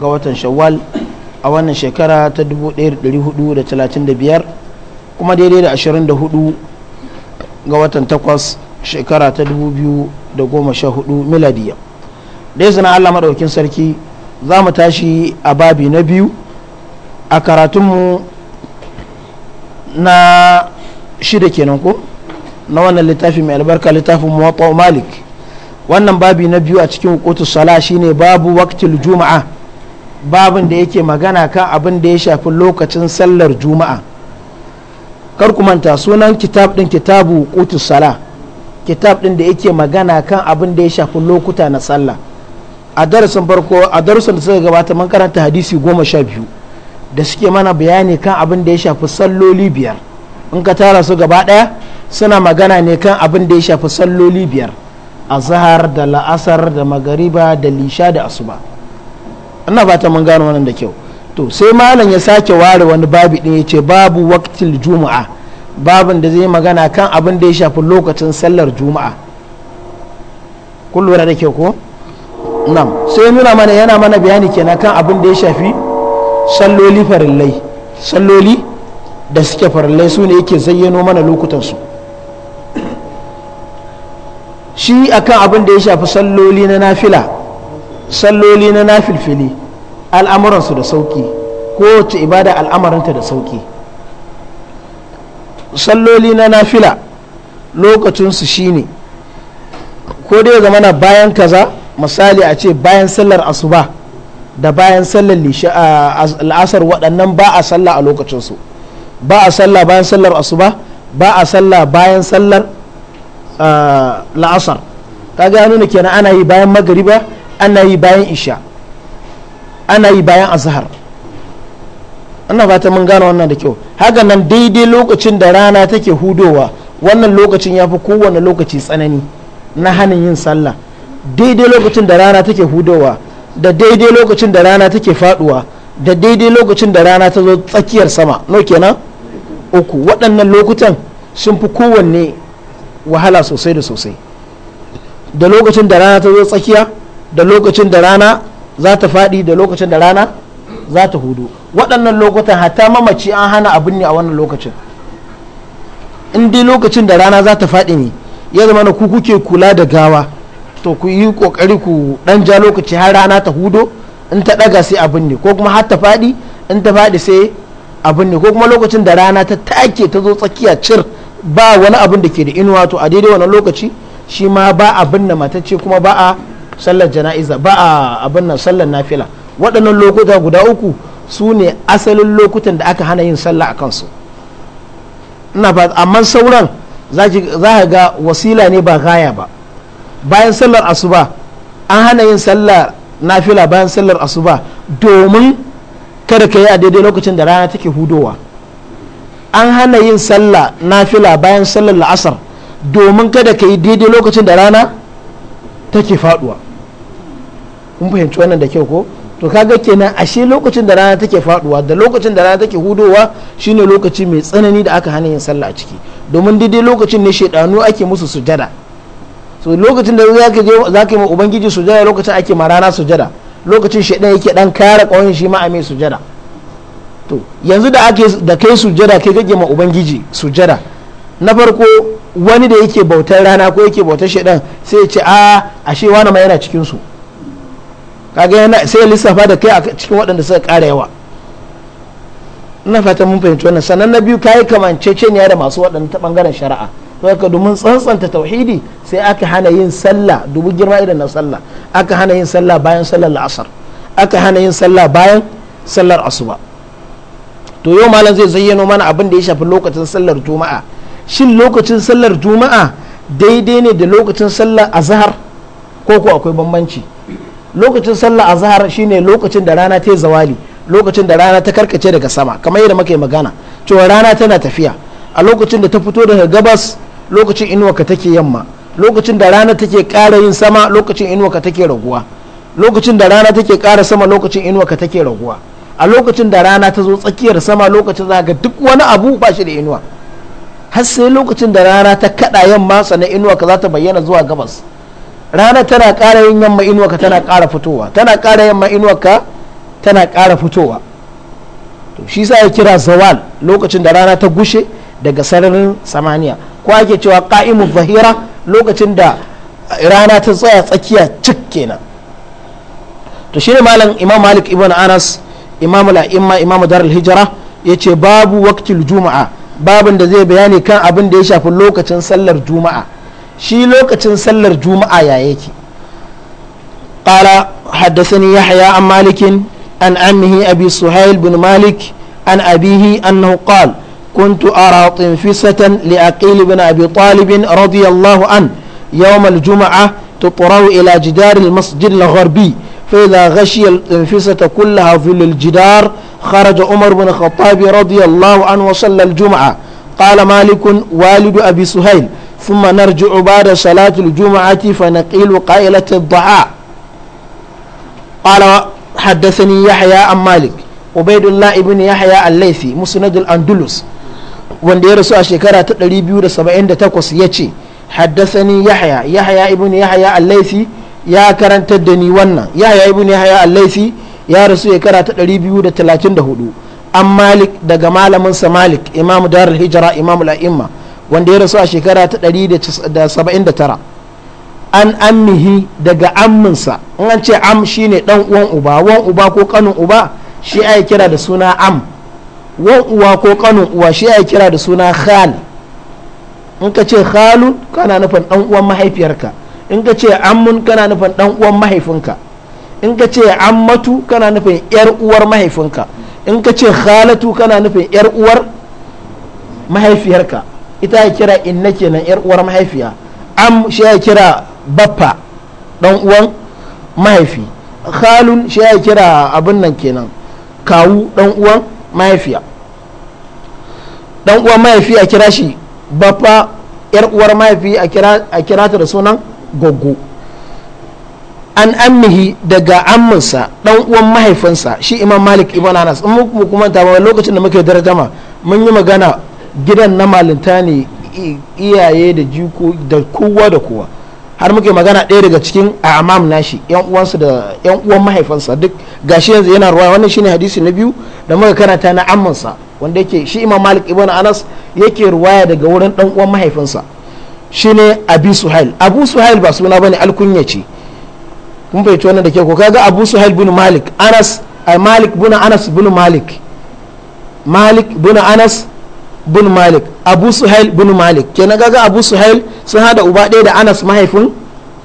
ga watan shawwal a wannan shekara ta 1435 kuma daidai da 24 ga watan takwas shekara ta 2014 miladiya dai zana allah maɗaukin sarki za mu tashi a babi na biyu a karatunmu na shida kenan ko na wannan littafi mai albarka littafin muwatta malik wannan babi na biyu a cikin hukutu sala shine babu waktil juma'a babin da yake magana kan abin da ya shafi lokacin sallar juma'a kar ku manta sunan kitab din kitabu qutus sala kitab din da yake magana kan abin da ya shafi lokuta na sallah a darasin farko a darasin da suka gabata mun karanta hadisi goma sha biyu da suke mana bayani kan abin da ya shafi salloli biyar in ka tara su gaba daya suna magana ne kan abin da ya shafi salloli biyar azhar da la'asar da magariba da lisha da asuba ina fata mun gano wannan da kyau to sai malam ya sake ware wani babi din yace babu waqtil juma'a babin da zai magana kan abin da ya shafi lokacin sallar juma'a kun da kyau ko nam sai nuna mana yana mana bayani kenan kan abin da ya shafi salloli farillai salloli da suke farillai su ne yake zayyano mana lokutansu shi akan abin da ya shafi salloli na nafila salloli na nafilfili al'amuransu da sauki kowace ibada al'amuranta da sauki salloli na nafila lokacinsu shine ko dai zama na bayan kaza misali a ce bayan sallar asuba da bayan sallar la'asar waɗannan ba a sallah a lokacinsu ba a sallah bayan sallar asuba ba a sallah bayan sallar la'asar ka gano nuna kenan ana yi bayan magariba ana yi bayan isha ana yi bayan azhar ana fata mun gane wannan da kyau haka nan daidai lokacin da rana take hudowa wannan lokacin ya fi kowane lokaci tsanani na hannun yin sallah daidai lokacin da rana take hudowa da daidai lokacin da rana take faduwa da daidai lokacin da rana ta zo tsakiyar sama no kenan uku waɗannan lokutan sun fi kowanne wahala sosai da sosai da lokacin da rana ta zo tsakiya da lokacin da rana za ta faɗi da lokacin da rana za ta hudu waɗannan lokutan hatta mamaci an hana abin ne a wannan lokacin in dai lokacin da rana za ta faɗi ne ya zama na ku kuke kula da gawa to ku yi kokari ku dan ja lokaci har rana ta hudo in ta daga sai abin ne ko kuma har ta faɗi in ta faɗi sai abin ne ko kuma lokacin da rana ta take ta zo tsakiya cir ba wani abin da ke da inuwa to a daidai wannan lokaci shi ma ba abin da matacce kuma ba a sallar jana'iza ba a abin nan sallar nafila waɗannan lokuta guda uku su ne asalin lokutan da aka hana yin sallah a kansu ina amma sauran za ka ga wasila ne ba gaya ba bayan sallar asuba an hana yin sallar nafila bayan sallar asuba domin kada ka yi a daidai lokacin da rana take hudowa an hana yin sallah nafila bayan sallar la'asar domin kada ka yi daidai lokacin da rana take faduwa kun fahimci wannan da kyau ko to kaga kenan ashe lokacin da rana take faduwa da lokacin da rana take hudowa shine lokaci mai tsanani da aka hana yin sallah a ciki domin daidai lokacin ne shedanu ake musu sujada so lokacin da zaka je zaka yi ma ubangiji sujada lokacin ake ma rana sujada lokacin shedan yake dan kare kauyen shi ma a mai sujada to yanzu da ake da kai sujada kai kake ma ubangiji sujada na farko wani da yake bautar rana ko yake bautar shedan sai ya ce a ah, ashe wani ma yana cikin su kaga yana sai ya lissafa da kai a cikin waɗanda suka ƙara yawa ina fatan mun fahimci wannan sannan na biyu kayi kamanceceniya da masu waɗanda ta ɓangaren shari'a to domin tsantsanta tauhidi sai aka hana yin sallah dubu girma irin na sallah aka hana yin sallah bayan sallar la'asar aka hana yin sallah bayan sallar asuba to yau malam zai zayyano mana abin da ya shafi lokacin sallar juma'a shin lokacin sallar juma'a daidai ne da lokacin sallar azhar ko ko akwai bambanci lokacin sallah azhar shine lokacin da rana ta zawali lokacin da rana ta karkace daga sama kamar yadda muke magana cewa rana tana tafiya a lokacin da ta fito daga gabas lokacin ka take yamma lokacin da rana take ƙara yin sama lokacin ka take raguwa lokacin da rana take ƙara sama lokacin ka take raguwa a lokacin da rana ta zo tsakiyar sama lokacin za ga duk wani abu ba shi da inuwa har sai lokacin da rana ta kaɗa yamma sannan inuwa ka za ta bayyana zuwa gabas rana tana ƙara yin yamma inuwarka tana ƙara fitowa tana ƙara yamma inuwarka tana ƙara fitowa to shi sa ya kira zawal lokacin da rana ta gushe daga sararin samaniya ko ake cewa ƙa'imu zahira lokacin da rana ta tsaya tsakiya cik kenan to ne malam imam malik ibn anas imam al'imma imam dar hijira ya ce babu waktil juma'a babin da zai bayani kan abin da ya shafi lokacin sallar juma'a shi lokacin sallar juma'a ya yake قال حدثني يحيى عن مالك عن عمه أبي سهيل بن مالك عن أبيه أنه قال كنت أرى طنفسة لأقيل بن أبي طالب رضي الله عنه يوم الجمعة تطرأ إلى جدار المسجد الغربي فإذا غشي الطنفسة كلها ظل الجدار خرج عمر بن الخطاب رضي الله عنه وصلى الجمعة قال مالك والد أبي سهيل ثم نرجع بعد صلاة الجمعة فنقيل قائلة الضعاء قال حدثني يحيى عن مالك wanda ya rasu a shekara ta ya ce haddasani yahya yahya ibn ya karantar da ni wannan yahya ibn yahya al-laisi ya rasu shekara ta 234 an malik daga malamin sa malik imam darul hijra imam al-a'imma wanda ya rasu a shekara ta 179 an ammihi daga amminsa in an ce am shine dan uwan uba wan uba ko kanin uba shi ai kira da suna am wan uwa ko kanin uwa shi ai kira da suna khal in ka ce khalun kana nufin dan uwan mahaifiyarka in ka ce ammun kana nufin dan uwan mahaifinka in ka ce ammatu kana nufin yar uwar mahaifinka in ka ce khalatu kana nufin yar uwar mahaifiyarka ita ya kira inna kenan yar uwar mahaifiya am shi ya kira baffa dan uwan mahaifi khalun shi ya kira abin nan kenan kawu dan uwan mahaifiya dan uwan mahaifi a kira shi baffa yar uwar mahaifi a kira ta da sunan goggo an ammihi daga amminsa dan uwan mahaifinsa shi imam malik ibn anas in mu kuma ta ba lokacin da muke darajama mun yi magana gidan na malinta ne iyaye da jiko da kowa da kowa har muke magana ɗaya daga cikin amam nashi yan uwansu da yan uwan mahaifansa duk gashi yanzu yana ruwa wannan shine hadisi na biyu da muka karanta na ammansa wanda yake shi imam malik ibn anas yake ruwaya daga wurin dan uwan mahaifinsa shine abi suhail abu suhail ba suna bane alkunya ce kun fahimci wannan da ke ko kaga abu suhail bin malik anas eh, malik bin anas bin malik malik bin anas bin malik abu suhail bin malik kenan gaga abu suhail sun hada uba ɗaya da anas mahaifin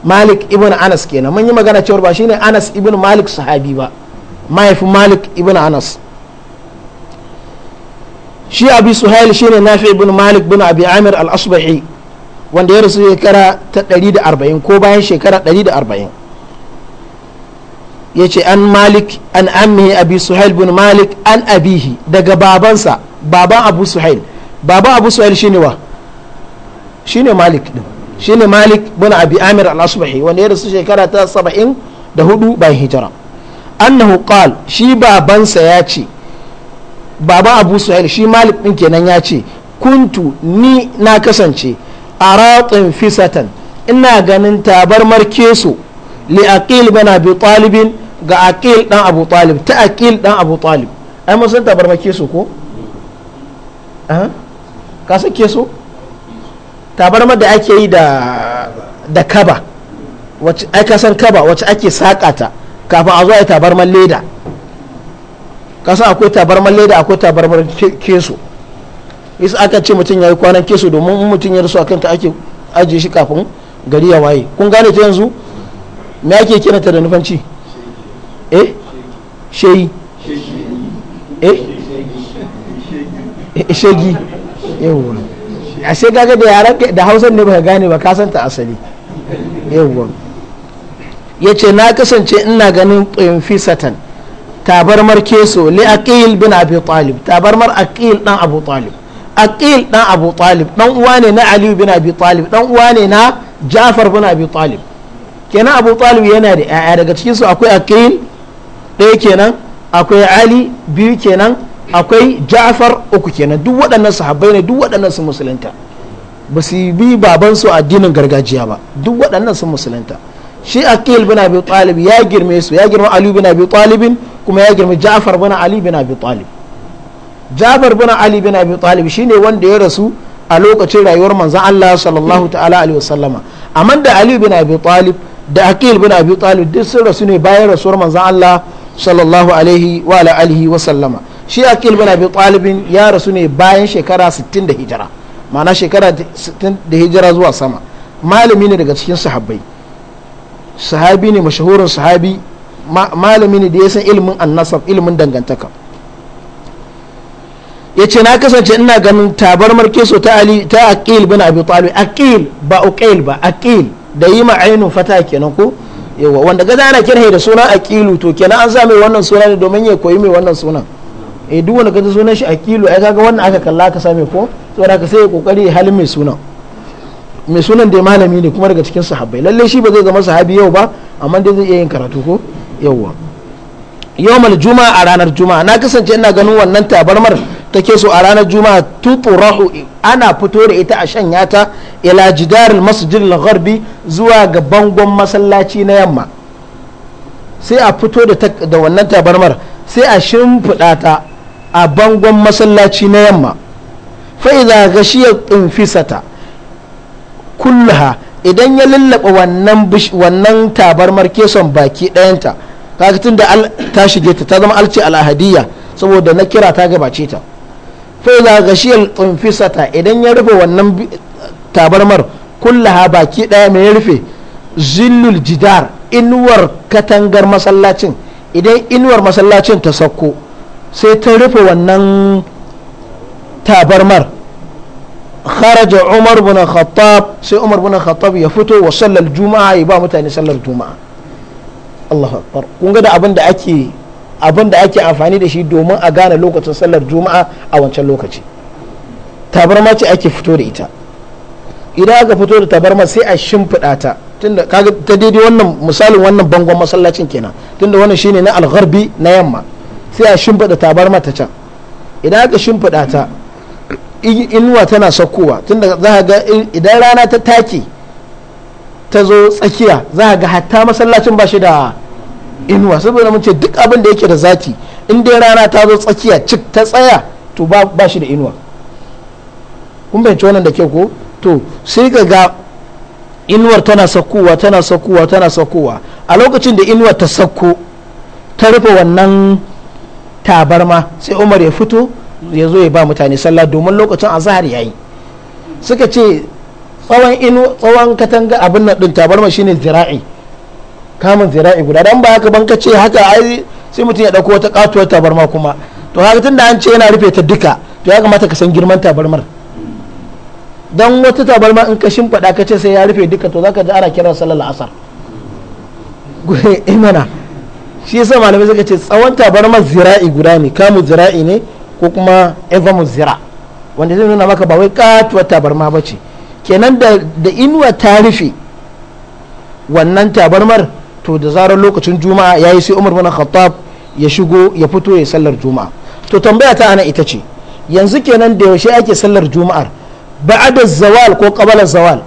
malik ibn anas kenan mun yi magana cewar ba shine anas ibn malik sahabi ba mahaifin malik ibn anas shi abi suhail shine nafi ibn malik bin abi amir al-asbahi wanda ya rasu shekara ta 140 ko bayan shekara 140 yace an malik an ammi abi suhail bin malik an abihi daga babansa baban abu suhail baban abu suhail shine wa shine malik din shine malik bin abi amir al-asbahi wanda ya rasu shekara ta hudu bayan hijira annahu qal shi babansa ya ce baban abu suhail shi malik din kenan ya ce kuntu ni na kasance aratin fisatan ina ganin tabarmar keso li aqil bin abi talibin ga aqil dan abu talib ta aqil dan abu talib ai mun san tabarmar keso ko ka suke keso tabarmar da ake yi da kaba wacce ai san kaba wacce ake saƙa ta kafin a zo ai tabarmar leda ka san akwai tabarmar leda akwai tabarmar keso isa aka ce mutum ya yi kwanan keso domin mutum ya rasu a kanta ake ajiye shi kafin gari ya waye kun gane ta yanzu me ake kiranta da nufanci eh eh shegi yawwa ashe da yaran da hausa ne baka gane ba ka asali ya ce na kasance ina ganin tsinfisatan tabarmar keso li aqil bin abi talib tabarmar aqil dan abu talib aqil dan abu talib dan uwa ne na aliyu bin abi talib dan uwa ne na jafar bin abi talib kenan abu talib yana da yaya daga cikin su akwai aqil ɗaya kenan akwai ali biyu kenan akwai ja'far uku kenan duk waɗannan sahabbai ne duk waɗannan sun musulunta ba su bi baban su addinin gargajiya ba duk waɗannan sun musulunta shi aqil bin abi talib ya girme su ya girma ali bin abi talib kuma ya girma ja'far bin ali bin abi talib ja'far bin ali bin abi talib shine wanda ya rasu a lokacin rayuwar manzon Allah sallallahu ta'ala alaihi wasallama amma da ali bin abi talib da aqil bin abi talib duk sun rasu ne bayan rasuwar manzon Allah sallallahu alaihi wa alihi wasallama shi aqil bin abi talibin ya rasu ne bayan shekara 60 da hijira ma'ana shekara 60 da hijira zuwa sama malami ne daga cikin sahabbai sahabi ne mashahurin sahabi malami ne da ya san ilimin annasab ilimin dangantaka ya ce na kasance ina ganin tabarmar keso ta ali ta aqil bin abi talib aqil ba uqil ba aqil da yi ma ainu fata kenan ko yawa wanda gaza ana kirhe da sunan aqilu to kenan an sa mai wannan sunan domin ya koyi mai wannan sunan eh duk wanda kaji sunan shi a kilo ai kaga wannan aka kalla ka same ko saboda ka sai kokari halin mai sunan mai sunan da malami ne kuma daga cikin sahabbai lalle shi ba zai zama sahabi yau ba amma dai zai iya yin karatu ko yawwa yawmal juma'a a ranar juma'a na kasance ina ganin wannan tabarmar take so a ranar juma'a rahu ana fito da ita a shanya ta ila jidaril masjid al-gharbi zuwa ga bangon masallaci na yamma sai a fito da wannan tabarmar sai a shimfiɗa ta a bangon masallaci na yamma fa'iza gashiyar infisata kullaha idan ya lullaba wannan tabarmar keson baki ɗayanta kaga tun da ta shige ta ta zama alci al'ahadiyya saboda na kira ta gabace ta fa'iza gashiyar infisata idan ya rufe wannan tabarmar kullaha baki ɗaya mai ya rufe zillul jidar inuwar katangar masallacin idan inuwar masallacin ta sauko sai ta rufe wannan tabarmar kharaja umar bin khattab sai umar bin khattab ya fito wa sallar juma'a ya ba mutane sallar juma'a Allahu akbar kun ga da abin da ake abin da ake amfani da shi domin a gane lokacin sallar juma'a a wancan lokaci tabarma ce ake fito da ita idan aka fito da tabarma sai a shimfiɗa ta tunda kaga ta daidai wannan misalin wannan bangon masallacin kenan tunda wannan shine na algharbi na yamma sai a shimfiɗa tabar mata can idan aka shimfiɗa ta inuwa tana saukowa tunda za ga idan rana ta take ta zo tsakiya za ga hatta masallacin ba shi da inuwa saboda mun ce duk abin da yake da zati in dai rana ta zo tsakiya cik ta tsaya to ba shi da inuwa kun fahimci wannan da kyau ko to sai ga ga inuwar tana saukowa tana saukowa tana saukowa a lokacin da inuwar ta sauko ta rufe wannan tabarma sai umar ya fito ya zo ya ba mutane sallah domin lokacin azhar yi suka ce tsawon inu tsawon katanga abin nan din tabarma shine zira'i kamun zira'i guda dan ba haka ban ka ce haka ai sai mutum ya dauko wata katuwar tabarma kuma to haka da an ce yana rufe ta duka to ya kamata ka san girman tabarmar dan wata tabarma in ka shimfiɗa ka ce sai ya rufe duka to zaka ji ana kiran sallar asar imana shi yasa malamai suka ce tsawon tabarmar zira'i guda ne kamu zira'i ne ko kuma Eva mu zira wanda zai nuna maka ba wai katuwar tabarma ba ce kenan da inuwa ta rufe wannan tabarmar to da zarar lokacin juma'a yayi yi sai umar bin khattab ya shigo ya fito ya sallar juma'a to tambaya ta ana ita ce yanzu kenan da yaushe ake sallar juma'ar ba'ada zawal ko qabala zawal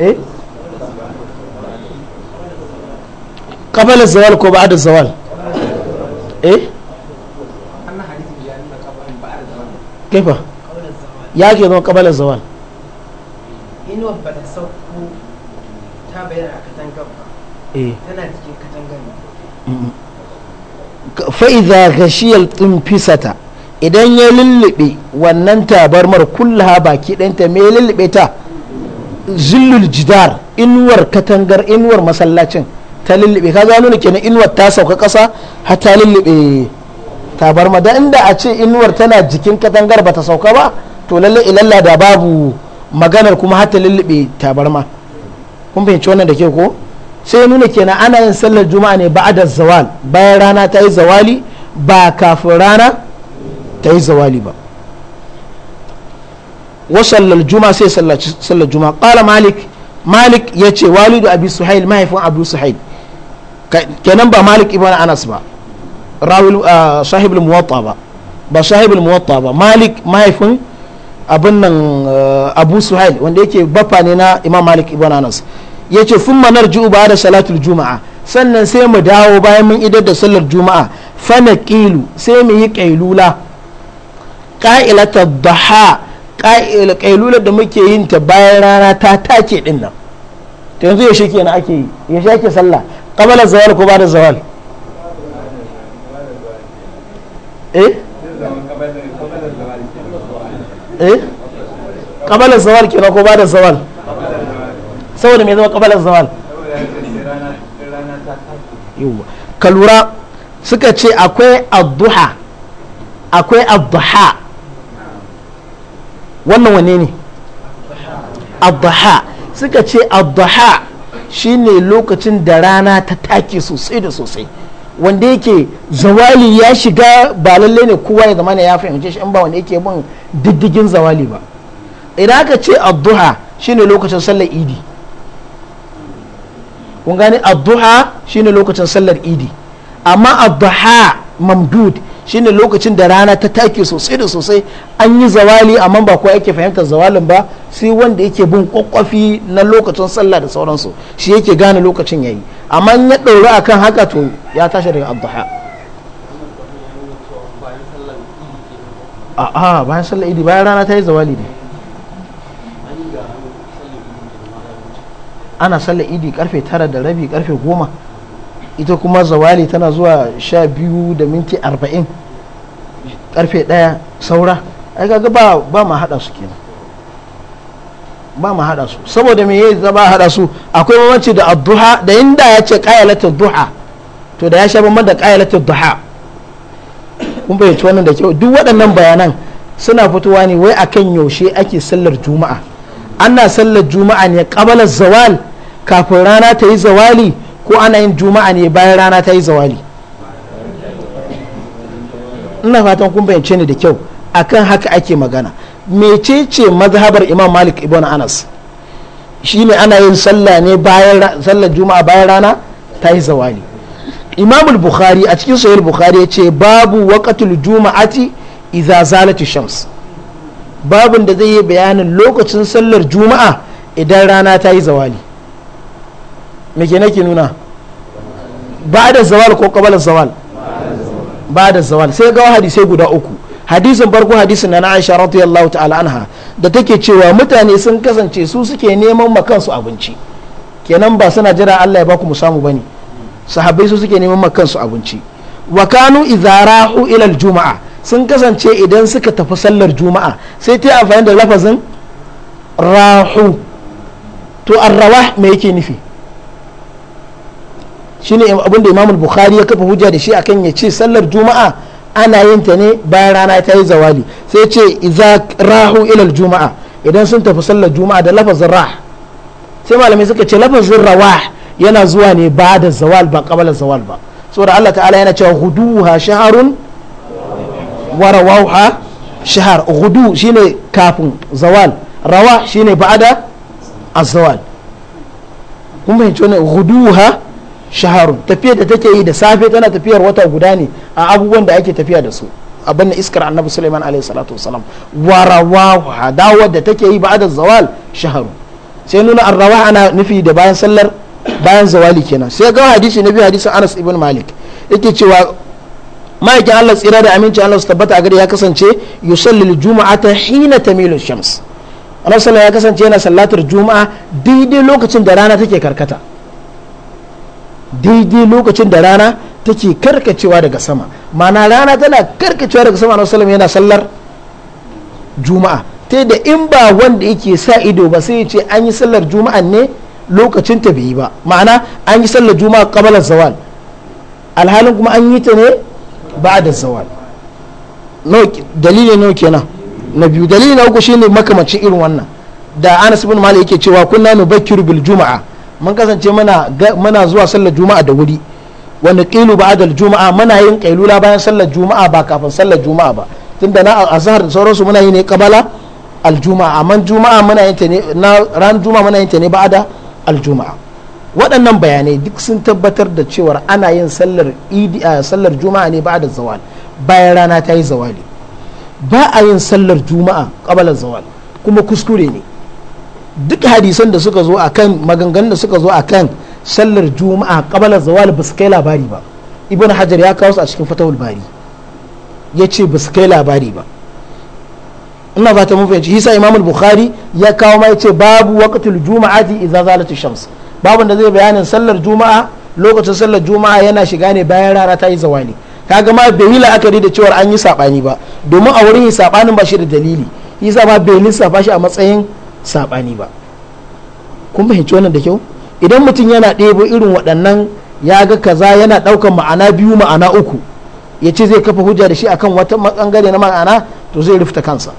eh qabala zawal ko ba'da zawal ya ke zama qabala zawal inuwa ba ta sauko ta idan ya lullube wannan tabarmar kullaha baki ɗanta mai lullube ta zillul jidar inuwar katangar inuwar masallacin ta lullube ka gano kenan inuwar ta sauka kasa har ta lullube da inda a ce inuwar tana jikin katangar ba ta sauka ba to lalle ilalla da babu maganar kuma har ta lullube ma kun fahimci wannan da ke ko sai nuna kenan ana yin sallar juma'a ne ba'da zawal bayan rana ta yi zawali ba kafin rana ta yi zawali ba وصلى الجمعة juma sai الجمعة juma مالك malik ya ce walidu abi suhail mahaifin abu suhail kenan ba malik ibn anas ba rawil ah, sahibul muwatta ba ba sahibul muwatta ba malik mahaifin abin nan ah, abu suhail wanda yake bafa ne na imam malik ibn anas yace thumma ba da salatul juma'a sannan sai mu dawo bayan mun idar da sallar juma'a fa naqilu sai mu yi qailula qailata dhaha qailula da muke yin ta bayan rana ta take din nan to yanzu yaushe kenan ake yi yaushe ake sallah qabala zawal ko ba da zawal eh eh qabala zawal kenan ko ba da zawal saboda me zama qabala zawal ka lura suka ce akwai adduha akwai adduha wannan wane ne adduha suka ce adduha shine lokacin da rana ta take sosai da sosai wanda yake zawali ya shiga ba lalle ne kowa ya zamana ya fahimce shi in ba wanda yake bin diddigin zawali ba idan aka ce addu'a shine lokacin sallar idi kun gani addu'a shine lokacin sallar idi amma addu'a mamdud shine lokacin da rana ta take sosai da sosai an yi zawali amma ba kowa yake fahimtar zawalin ba sai wanda yake bin kwakwafi na lokacin sallah da sauransu shi yake gane lokacin yayi amma ya ɗauri akan haka to ya tashi daga abduha a'a bayan sallar idi bayan rana ta yi zawali ne ana sallar idi karfe tara da rabi karfe goma ita kuma zawali tana zuwa sha biyu da minti arba'in karfe ɗaya saura ai kaga ba ba ma haɗa su kenan ba ma haɗa su saboda me yayi ba haɗa su akwai bambanci da adduha da inda ya ce qayalatu duha to da ya sha bamban da qayalatu duha kun fahimci wannan da kyau duk waɗannan bayanan suna fitowa ne wai akan yaushe ake sallar juma'a ana sallar juma'a ne qabala zawal kafin rana ta yi zawali ko ana yin juma'a ne bayan rana ta yi zawali ina fatan kun bayyance ni da kyau akan haka ake magana mecece mazhabar imam malik ibn anas shi ne ana yin sallah ne bayan sallar juma'a bayan rana ta yi zawali imam bukhari a cikin sahih bukhari ya ce babu waqatul juma'ati idza zalati shams babun da zai yi bayanin lokacin sallar juma'a idan rana ta yi zawali me ke nake nuna ba da zawal ko kabalar zawal ba da zawal sai ga hadisai guda uku hadisin farko hadisin na Aisha radiyallahu ta'ala anha da take cewa mutane sun kasance su suke neman ma abinci kenan ba suna jira Allah ya baku mu samu bane sahabbai su suke neman ma kansu abinci wa kanu idhara'u ila jumaa sun kasance idan suka tafi sallar juma'a sai ta amfani da lafazin rahu to arrawah me yake nufi shine abinda imam bukhari ya kafa hujja da shi akan ya ce sallar juma'a ana yin ta ne bayan rana ta yi zawali sai ce idza rahu ilal juma'a idan sun tafi sallar juma'a da lafazin rah sai malamai suka ce lafazin rawa yana zuwa ne ba da zawal ba kabalar zawal ba saboda Allah ta'ala yana cewa ha shaharun wa rawauha shahar hudu shine kafin zawal rawa shine ba'da az-zawal kun fahimci hudu ha shaharun tafiyar da take yi da safe tana tafiyar wata guda ne a abubuwan da ake tafiya da su abin da iskar annabi suleiman alaihi salatu wasalam warawaha dawar da take yi da zawal shaharu sai nuna rawa ana nufi da bayan sallar bayan zawali kenan sai ga hadisi na biyu hadisin anas ibn malik yake cewa ma'aikin allah tsira da aminci allah su tabbata a gari ya kasance Juma'a ta hina tamilu shams annabi ya kasance yana sallatar juma'a daidai lokacin da rana take karkata daidai lokacin da rana take karkacewa daga sama mana rana tana karkacewa daga sama na salam yana sallar juma'a ta da in ba wanda yake sa ido ba sai ya ce an yi sallar juma'a ne lokacin ta bai yi ba ma'ana an yi sallar juma'a kabalar zawal alhalin kuma an yi ta ne ba da zawal dalilin nawa kenan na biyu dalilin na uku shine makamacin irin wannan da anas bin malik yake cewa kunna nubakkiru bil juma'a mun kasance muna zuwa sallar juma'a da wuri wani kilu ba adal juma'a muna yin kailula bayan sallar juma'a ba kafin sallar juma'a ba tunda na azhar sauransu muna yi ne kabala aljuma'a amma juma'a muna yin ta ne na ran juma'a muna yin ta ne ba aljuma'a waɗannan bayanai duk sun tabbatar da cewar ana yin sallar idi sallar juma'a ne ba da zawal bayan rana ta yi zawali ba a yin sallar juma'a kabala zawal kuma kuskure ne duk hadisan da suka zo akan maganganun da suka zo akan sallar juma'a qabala zawal ba su kai labari ba ibn hajar ya kawo su a cikin fatawul bari ya ce ba su kai labari ba ina fata mun fahimci hisa imam bukhari ya kawo ma ya ce babu waqtul juma'ati idza zalatu shams babu da zai bayanin sallar juma'a lokacin sallar juma'a yana shiga ne bayan rana ta yi zawali kaga ma bai yi la'akari da cewar an yi sabani ba domin a wurin yi sabanin ba shi da dalili Isa ma bai lissafa shi a matsayin saɓani ba kun fahimci wannan da kyau idan mutum yana ɗebo irin waɗannan ya ga kaza yana ɗaukan ma'ana biyu ma'ana uku ya ce zai kafa hujja da shi akan wata matsangare na ma'ana to zai rufta kansa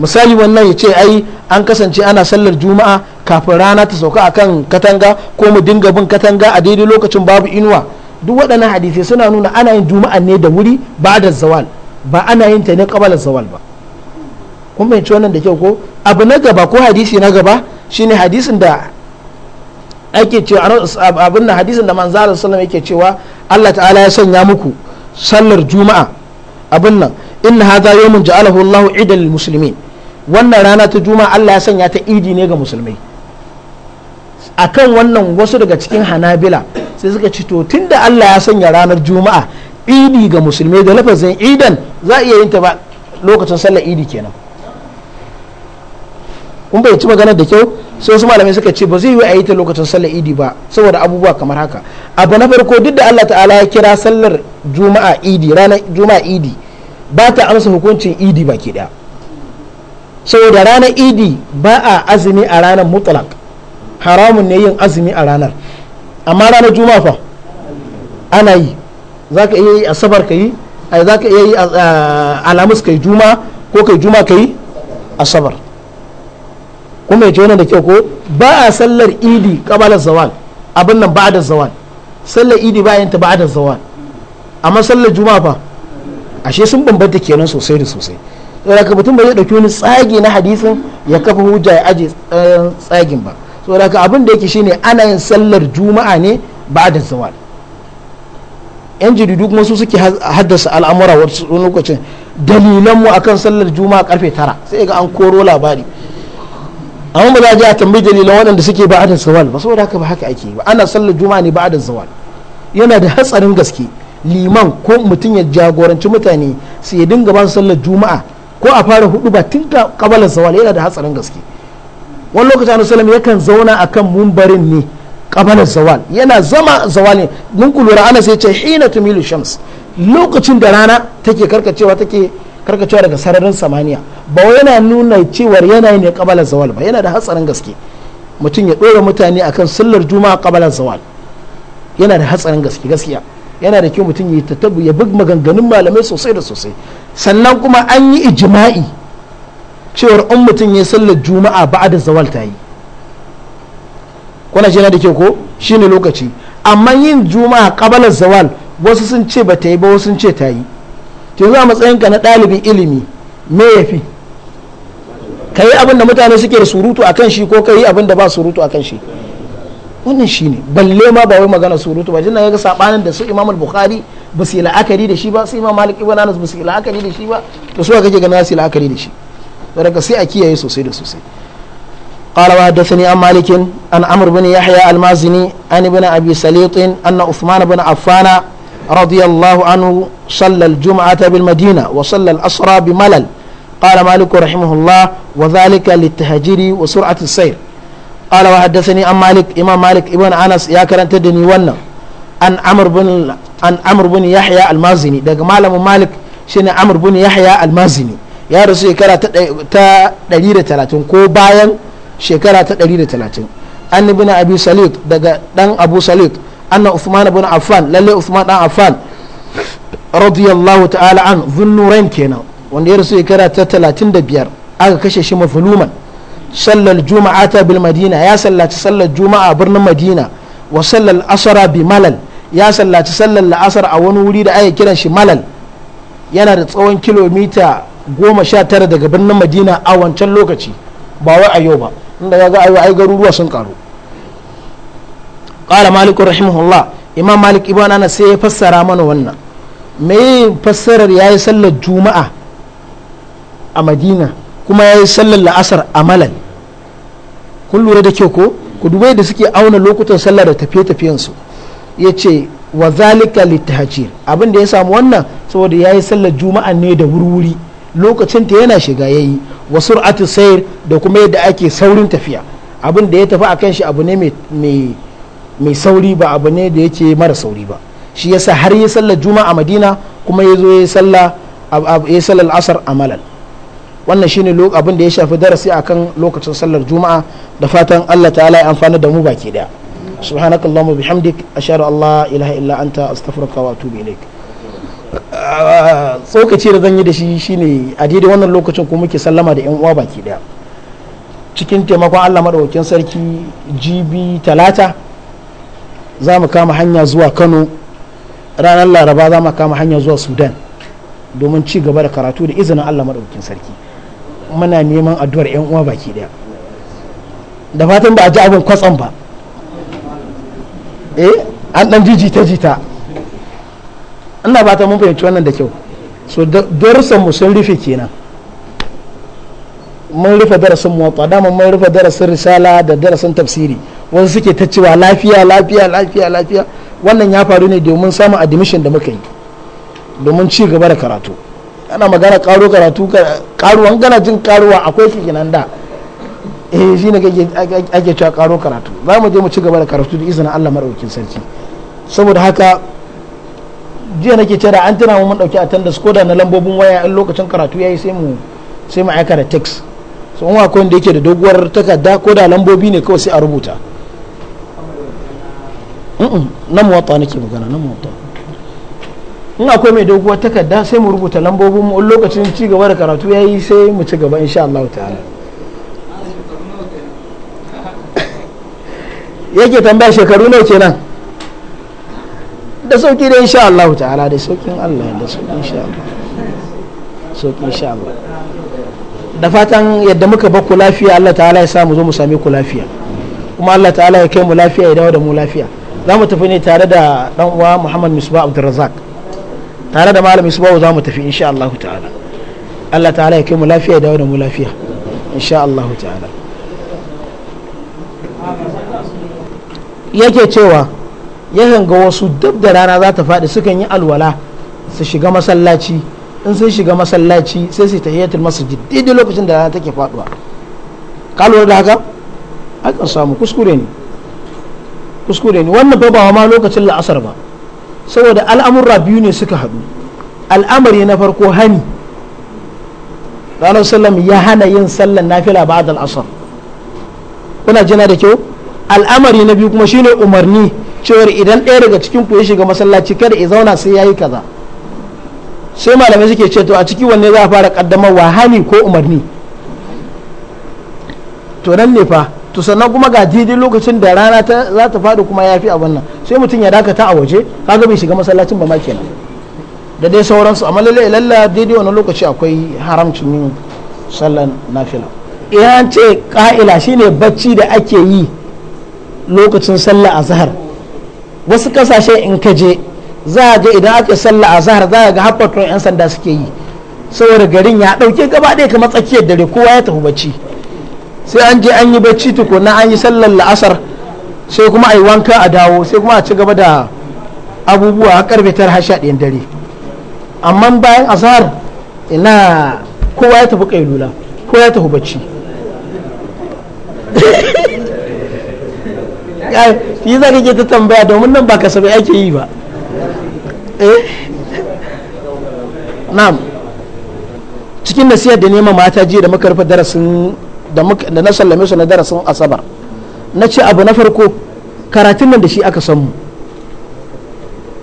misali wannan ya ce ai an kasance ana sallar juma'a kafin rana ta sauka akan katanga ko mu dinga bin katanga a daidai lokacin babu inuwa duk waɗannan hadisai suna nuna ana yin juma'a ne da wuri ba da zawal ba ana yin ta ne kabalar zawal ba kun bai wannan da kyau ko abu na gaba ko hadisi na gaba shine hadisin da ake cewa abin da hadisin da manzara sallam yake cewa Allah ta'ala ya sanya muku sallar juma'a abin nan inna hadha yawmun ja'alahu Allahu idan lil muslimin wannan rana ta juma'a Allah ya sanya ta idi ne ga musulmai akan wannan wasu daga cikin hanabila sai suka ci to tunda Allah ya sanya ranar juma'a idi ga musulmai da lafazin idan za a iya yin ta ba lokacin sallar idi kenan kun bai ci maganar da kyau sai wasu malamai suka ce ba zai yi a yi ta lokacin sallar idi ba saboda abubuwa kamar haka abu na farko duk da Allah ta'ala ya kira sallar juma'a idi ranar juma'a idi ba ta amsa hukuncin idi ba daya saboda ranar idi ba a azumi a ranar mutlak haramun ne yin azumi a ranar amma ranar juma'a fa ana yi za ka iya yi asabar ka yi za ka iya yi alamus ka yi juma'a ko ka yi juma'a ka yi asabar kuma yace wannan da kyau ko ba a sallar idi kabalar zawal abin nan da zawal sallar idi bayan ta da zawal amma sallar juma'a fa ashe sun bambanta kenan sosai da sosai saboda ka mutum ba zai dauki wani tsagi na hadisin ya kafa hujja ya aje eh, tsagin ba saboda ka abin da yake shine ana yin sallar juma'a ne da zawal yan jaridu kuma su suke haddasa al'amura wasu lokacin mu akan sallar juma'a karfe tara sai ga an koro labari amma ba za a je a tambayi dalilan waɗanda suke ba zawal ba saboda haka ba haka ake ba ana sallar juma'a ne ba zawal yana da hatsarin gaske liman ko mutum ya jagoranci mutane su ya dinga ba su sallar juma'a ko a fara hudu ba tun ka kabalar zawal yana da hatsarin gaske wani lokaci annabi sallam yakan zauna akan mumbarin ne kabalar zawal yana zama zawal ne mun kulura ana sai ce hina tumilu shams lokacin da rana take karkacewa take karkacewa daga sararin samaniya ba yana nuna cewar yanayi ne kabalar zawal ba yana da hatsarin gaske mutum ya ɗora mutane a kan sallar juma'a kabalar zawal yana da hatsarin gaske gaskiya yana da kyau mutum ya ya bug maganganun malamai sosai da sosai sannan kuma an yi ijima'i cewar in mutum ya sallar juma'a ba da zawal ta yi kuna jina da kyau ko shine lokaci amma yin juma'a kabalar zawal wasu sun ce ba ta yi ba wasu sun ce ta yi yanzu a matsayinka na ɗalibin ilimi me ya fi ka yi abin da mutane suke da surutu a kan shi ko ka yi abin da ba surutu a kan shi wannan shi ne balle ma ba wai magana surutu ba jinnan ga sabanin da su imamul al-bukhari ba su yi la'akari da shi ba su imam malik ibn anas ba su yi la'akari da shi ba to su kake ganin su yi la'akari da shi daga sai a kiyaye sosai da sosai قال وحدثني عن مالك عن عمرو بن يحيى المازني عن ابن ابي سليط ان عثمان بن عفان رضي الله عنه صلى الجمعه بالمدينه وصلى الاسرى بملل قال مالك رحمه الله وذلك للتهجير وسرعة السير قال وحدثني أم مالك إمام مالك ابن أنس يا كرن تدني ونا أن عمر بن عن عمرو بن يحيى المازني ده مالك مالك شنو عمر بن يحيى المازني ya rasu shekara ta 130 ko bayan shekara ta 130 an ibn abi salih daga dan abu salih anna uthman ibn affan lalle uthman dan affan radiyallahu ta'ala an dhunnurain كينا wanda ya rasu shekara ta biyar aka kashe shi mafuluman sallar juma'a ta bil madina ya sallaci sallar juma'a birnin madina wa sallar asara bi malal ya sallaci sallar la'asar a wani wuri da ake kiran shi malal yana da tsawon kilomita goma sha tara daga birnin madina a wancan lokaci ba wai a yau ba inda ya ga ayo ai garuruwa sun karu qala malik rahimahullah imam malik ibn anas sai ya fassara mana wannan me fassarar yayi sallar juma'a a madina kuma ya yi sallar la'asar a malal kun lura da kyau ko ku dubai da suke auna lokutan sallah da tafiye-tafiyensu ya ce wa zalika littahajir abin da ya samu wannan saboda ya yi sallar juma'a ne da wurwuri lokacin ta yana shiga ya yi wa sur'atu sayar da kuma yadda ake saurin tafiya abin da ya tafi akan shi abu ne mai sauri ba abu ne da yake mara sauri ba shi yasa har yi sallar juma'a madina kuma ya zo ya yi sallar asar a malal wannan shine abin da ya shafi darasi akan lokacin sallar juma'a da fatan Allah ta'ala ya amfana da mu baki daya subhanakallahumma bihamdik ashhadu allah ila ilaha illa anta astaghfiruka wa atubu ilaik ah, tsokaci da zan yi da shi shine a daidai wannan lokacin ko muke sallama da yan uwa baki daya cikin taimakon Allah madaukakin sarki GB talata za mu kama hanya zuwa Kano ranar Laraba za mu kama hanya zuwa Sudan domin ci gaba da karatu da izinin Allah madaukakin sarki muna neman addu'ar yan uwa baki daya da fatan ba a ji abin kwatsam ba eh an dan jijita jita ina ba mun fahimci wannan da kyau so darasin mu sun rufe kenan mun rufe darasin muwatta dama mun rufe darasin risala da darasin tafsiri wasu suke ta cewa lafiya lafiya lafiya lafiya wannan ya faru ne domin samun admission da muka yi domin ci gaba da karatu ana magana karo karatu karuwan gana jin karuwa akwai shi kenan da eh shi ne ake cewa karo karatu za mu je mu ci gaba da karatu da izinin Allah maraukin sarki saboda haka jiya nake cewa an tana mu mun dauki attendance skoda na lambobin waya in lokacin karatu yayi sai mu sai mu aika da text so in akwai wanda yake da doguwar takarda ko da lambobi ne kawai sai a rubuta na muwatta nake magana na muwatta in akwai mai doguwar takarda sai mu rubuta lambobin mu lokacin ci gaba da karatu ya yi sai mu ci gaba insha Allah ta'ala yake tambaya shekaru nawa kenan da sauki da insha Allah ta'ala da saukin Allah da sauki insha Allah sauki insha Allah da fatan yadda muka ba ku lafiya Allah ta'ala ya sa mu zo mu same ku lafiya kuma Allah ta'ala ya kai mu lafiya ya dawo da mu lafiya za mu tafi ne tare da dan uwa Muhammad Misbah Abdulrazak tare da malami su bawa za mu tafi insha Allah ta'ala Allah ta'ala ya kai mu lafiya da da mu lafiya insha Allah ta'ala yake cewa yakan ga wasu duk da rana za ta faɗi sukan yi alwala su shiga masallaci in sun shiga masallaci sai su tahiyatul masjid didi lokacin da rana take faduwa ka lura da haka akan samu kuskure ne kuskure ne wannan ba ma lokacin la'asar ba saboda al'amurra biyu ne suka haɗu al'amari na farko hani ranar sallam ya hana yin sallan nafila ba'ad al'asar kuna jina da kyau al'amari na biyu kuma shine umarni cewar idan ɗaya daga cikin ku ya shiga masallaci kada ya zauna sai ya yi kaza sai malamai suke ce to a ciki wanne za a fara kaddamarwa hani ko umarni to nan ne fa to sannan kuma ga didi lokacin da rana ta za ta faɗi kuma ya fi abin nan sai mutum ya dakata a waje kaga bai shiga masallacin ba ma kenan da dai sauransu amma lalle lalla daidai wani lokaci akwai haramcin yin sallan nafila in ce ka'ila shine bacci da ake yi lokacin sallah azhar wasu kasashe in ka je za ga idan aka sallah azhar za ga haffatun yan sanda suke yi saboda garin ya dauke gaba ɗaya kamar tsakiyar dare kowa ya tafi bacci sai an je an yi bacci na an yi sallar la'asar sai kuma a yi wanka a dawo sai kuma a ci gaba da abubuwa a karfe tara har sha ɗayan dare amma bayan asar ina kowa ya tafi kailula kowa ya tafi bacci yi za ka ke ta tambaya domin nan ba kasafai ake yi ba eh? na'am cikin nasiyar da nema mata jiya da makarfa darasin da na sallame su na darasin asabar na ce abu na farko karatun nan da shi aka san mu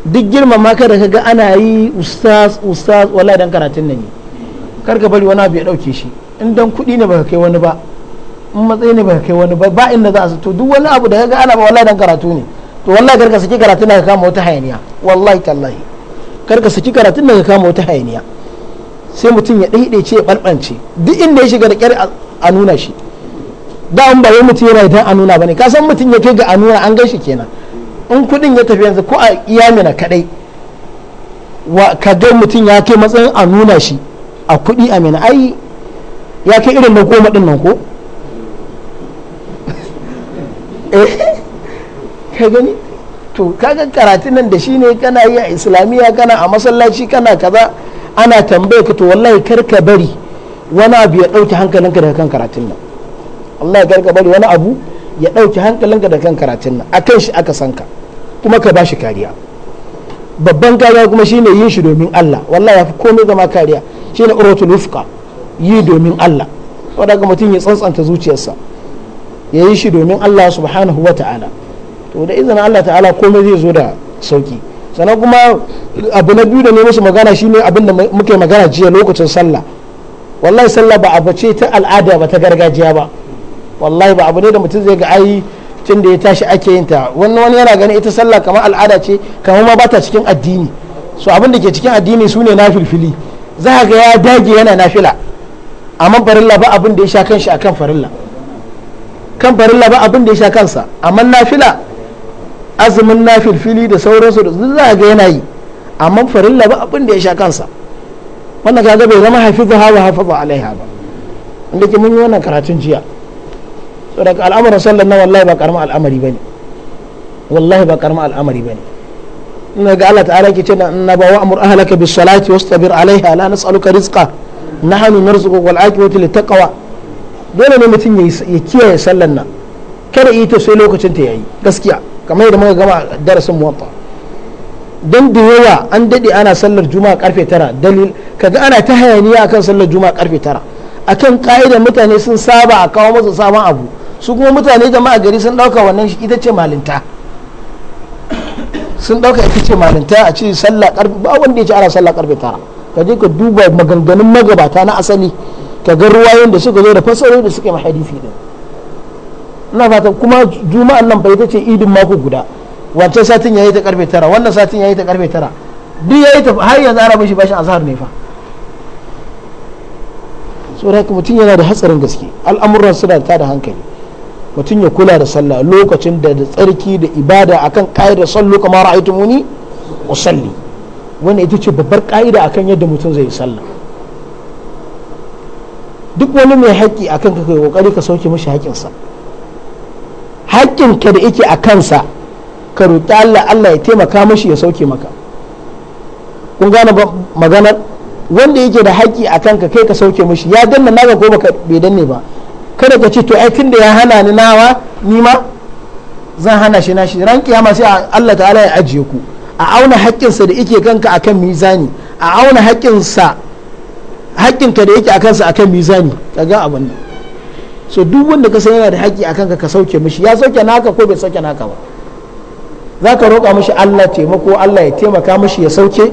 duk girmama ka da kaga ana yi ustaz ustaz wallahi dan karatun nan ne kar ka bari wani abu ya dauke shi in dan kudi ne baka kai wani ba in matsayi ne baka kai wani ba ba inda za a to duk wani abu da kaga ana ba wallahi dan karatu ne to wallahi kar ka saki karatun nan ka kama wata hayaniya wallahi tallahi kar ka saki karatun nan ka kama wata hayaniya sai mutum ya ɗaiɗaice ya ɓalɓance duk inda ya shiga da ƙyar a nuna shi da an bawai mutum yana idan a nuna bane ka san mutum ya kai ga a nuna an gaishe kenan in kuɗin ya tafi yanzu ko a iyamina kaɗai wa ka ga mutum ya kai matsayin a nuna shi a kuɗi a mina ai ya kai irin na goma ɗin nan ko eh, ka gani to kaga karatun nan da shi ne kana yi a islamiyya kana a masallaci kana kaza ana tambaye ka to wallahi kar bari wani abu ya ɗauki hankalinka daga kan karatun nan wallahi kar ka bari wani abu ya ɗauki hankalinka daga kan karatun nan akan shi aka san ka kuma ka bashi kariya babban kariya kuma shine yin shi domin Allah wallahi ya komai zama kariya shine uratul wufqa yi domin Allah wanda ga mutum ya tsantsanta zuciyarsa ya yi shi domin Allah subhanahu wa ta'ala to da izinin Allah ta'ala komai zai zo da sauki sannan kuma abu na biyu da ne musu magana shine abin da muke magana jiya lokacin sallah wallahi sallah ba abu ce ta al'ada ba ta gargajiya ba wallahi ba abu ne da mutum zai ga ai tun da ya tashi ake yin ta wani wani yana ganin ita sallah kamar al'ada ce kamar ma bata cikin addini so abin da ke cikin addini su ne nafilfili za ga ya dage yana nafila amma farilla ba abin da ya sha kanshi akan farilla kan farilla ba abin da ya sha kansa amma nafila azumin na filfili da sauransu da za ga yana yi amma farin ba abin da ya sha kansa wannan kaga bai zama hafizu hawa haifar ba alaiha ba inda ke mun yi wannan karatun jiya so daga al'amuran sallan na wallahi ba karama al'amari ne wallahi ba karama al'amari ne ina ga Allah ta'ala ke ce na ba wa amur ahalaka bis salati wastabir alaiha la nas'aluka rizqa nahnu narzuquka wal aqibatu lit taqwa dole ne mutum ya kiyaye sallan nan kada yi ta sai lokacin ta yayi gaskiya kamar yadda muka gama darasin muwatta don da yawa an dade ana sallar juma'a karfe tara dalil kaga ana ta hayaniya akan sallar juma'a karfe tara akan kaida mutane sun saba a kawo masa sabon abu su kuma mutane jama'a gari sun dauka wannan shi ita ce malinta sun dauka ita ce malinta a ce sallah karfe ba wanda ya ce ana sallah karfe tara ka je ka duba maganganun magabata na asali ka ga ruwayoyin da suka zo da fasarorin da suke mahadisi din ina fata kuma juma'an nan bai ta ce idin mako guda wancan satin yayi ta karfe tara wannan satin yayi ta karfe tara duk yayi ta har yanzu ana mishi bashin azhar ne fa saboda mutum yana da hatsarin gaske al'amuran suna ta da hankali mutum ya kula da sallah lokacin da da tsarki da ibada akan ka'idar sallu kamar ra'aytumuni usalli wannan ita ce babbar ka'ida akan yadda mutum zai yi sallah duk wani mai haƙƙi akan ka kai kokari ka sauke mashi haƙƙinsa sa haƙƙinka da yake a kansa ka roƙi Allah Allah ya taimaka mashi ya sauke maka kun gane maganar wanda yake da haƙƙi a kanka kai ka sauke mashi ya danna naga ko baka bai danne ba kada ka ce to ai tunda ya hana ni nawa ni ma zan hana shi na shi ran kiyama sai Allah ta'ala ya ajiye ku a auna haƙƙinsa da yake kanka akan mizani a auna haƙƙinsa haƙƙinka da yake a kansa akan mizani kaga abin nan so duk wanda ka san yana da haƙƙi akan ka ka sauke mishi ya sauke naka ko bai sauke naka ba za ka roƙa mishi Allah taimako Allah ya taimaka mishi ya sauke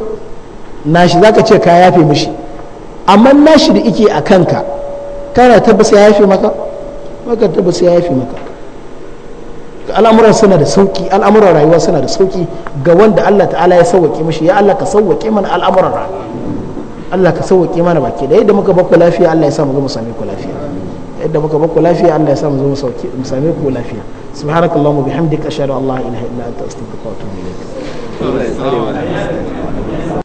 nashi za ka ce ka yafe mishi amma nashi da ike a kanka kana tabbas ya yafe maka maka tabbas ya yafe maka al'amuran suna da sauki al'amuran rayuwa suna da sauki ga wanda Allah ta'ala ya sauwaƙe mishi ya Allah ka sauwaƙe mana al'amuran rayuwa Allah ka sauwaƙe mana baki da yadda muka bakku lafiya Allah ya sa mu ga mu same ku lafiya yadda muka baku lafiya Allah ya sa mu zo mu same ku lafiya subhanakallahumma bihamdika ashhadu an la ilaha illa anta astaghfiruka wa atubu ilayk